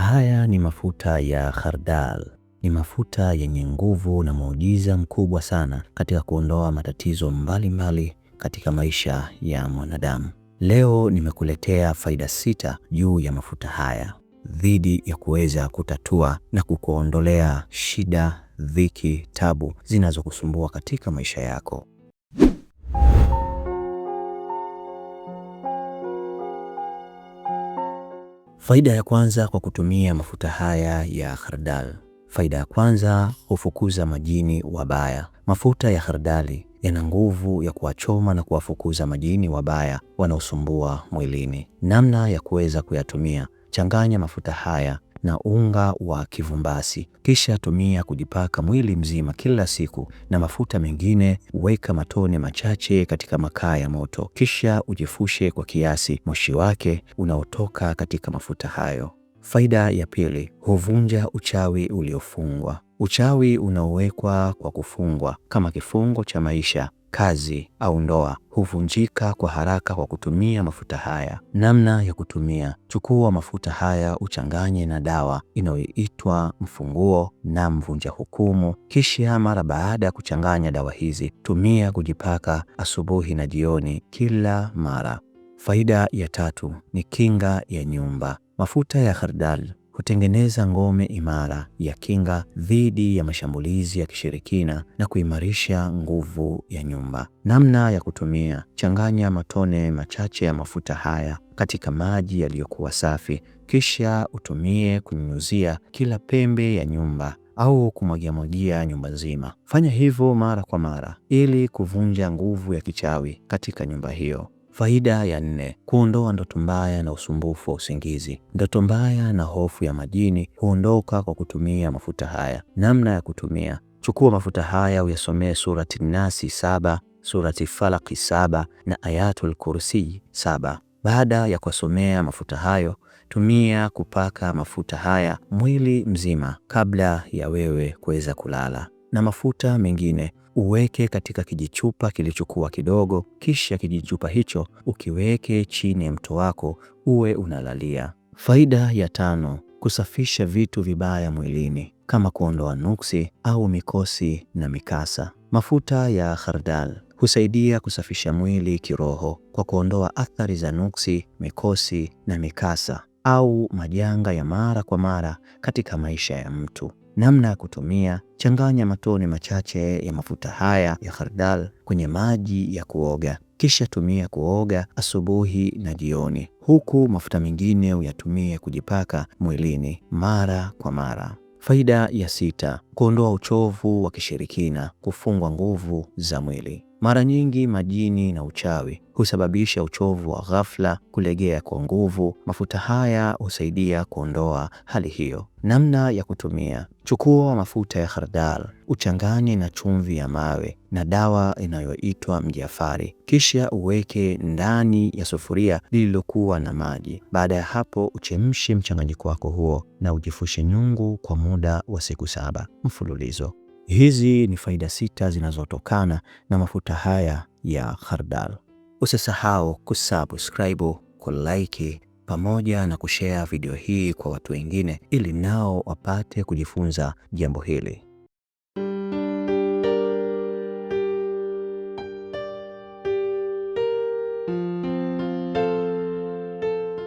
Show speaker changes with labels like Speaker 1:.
Speaker 1: Haya ni mafuta ya khardal. Ni mafuta yenye nguvu na muujiza mkubwa sana katika kuondoa matatizo mbalimbali mbali katika maisha ya mwanadamu. Leo nimekuletea faida sita juu ya mafuta haya dhidi ya kuweza kutatua na kukuondolea shida, dhiki, tabu zinazokusumbua katika maisha yako. Faida ya kwanza kwa kutumia mafuta haya ya khardal. Faida ya kwanza, hufukuza majini wabaya. Mafuta ya khardali yana nguvu ya kuwachoma na kuwafukuza majini wabaya wanaosumbua mwilini. Namna ya kuweza kuyatumia: changanya mafuta haya na unga wa kivumbasi, kisha tumia kujipaka mwili mzima kila siku, na mafuta mengine weka matone machache katika makaa ya moto, kisha ujifushe kwa kiasi moshi wake unaotoka katika mafuta hayo. Faida ya pili, huvunja uchawi uliofungwa. Uchawi unaowekwa kwa kufungwa kama kifungo cha maisha kazi au ndoa huvunjika kwa haraka kwa kutumia mafuta haya. Namna ya kutumia: chukua mafuta haya uchanganye na dawa inayoitwa mfunguo na mvunja hukumu, kisha mara baada ya kuchanganya dawa hizi tumia kujipaka asubuhi na jioni kila mara. Faida ya tatu ni kinga ya nyumba. Mafuta ya hardal kutengeneza ngome imara ya kinga dhidi ya mashambulizi ya kishirikina na kuimarisha nguvu ya nyumba. Namna ya kutumia: changanya matone machache ya mafuta haya katika maji yaliyokuwa safi, kisha utumie kunyunyuzia kila pembe ya nyumba au kumwagiamwagia nyumba nzima. Fanya hivyo mara kwa mara ili kuvunja nguvu ya kichawi katika nyumba hiyo. Faida ya nne: kuondoa ndoto mbaya na usumbufu wa usingizi. Ndoto mbaya na hofu ya majini huondoka kwa kutumia mafuta haya. Namna ya kutumia: chukua mafuta haya uyasomee Surati Nasi saba, Surati Falaki saba na Ayatul Kursi saba. Baada ya kuwasomea mafuta hayo, tumia kupaka mafuta haya mwili mzima kabla ya wewe kuweza kulala na mafuta mengine uweke katika kijichupa kilichokuwa kidogo, kisha kijichupa hicho ukiweke chini ya mto wako uwe unalalia. Faida ya tano: kusafisha vitu vibaya mwilini kama kuondoa nuksi au mikosi na mikasa. Mafuta ya khardal husaidia kusafisha mwili kiroho kwa kuondoa athari za nuksi, mikosi na mikasa au majanga ya mara kwa mara katika maisha ya mtu. Namna ya kutumia: changanya matone machache ya mafuta haya ya khardal kwenye maji ya kuoga, kisha tumia kuoga asubuhi na jioni, huku mafuta mengine uyatumie kujipaka mwilini mara kwa mara. Faida ya sita: kuondoa uchovu wa kishirikina, kufungwa nguvu za mwili. Mara nyingi majini na uchawi husababisha uchovu wa ghafla, kulegea kwa nguvu. Mafuta haya husaidia kuondoa hali hiyo. Namna ya kutumia: chukua mafuta ya hardal, uchanganye na chumvi ya mawe na dawa inayoitwa mjafari, kisha uweke ndani ya sufuria lililokuwa na maji. Baada ya hapo, uchemshe mchanganyiko wako huo na ujifushe nyungu kwa muda wa siku saba mfululizo. Hizi ni faida sita zinazotokana na mafuta haya ya khardal. Usisahau kusubscribe, kulike pamoja na kushare video hii kwa watu wengine ili nao wapate kujifunza jambo hili.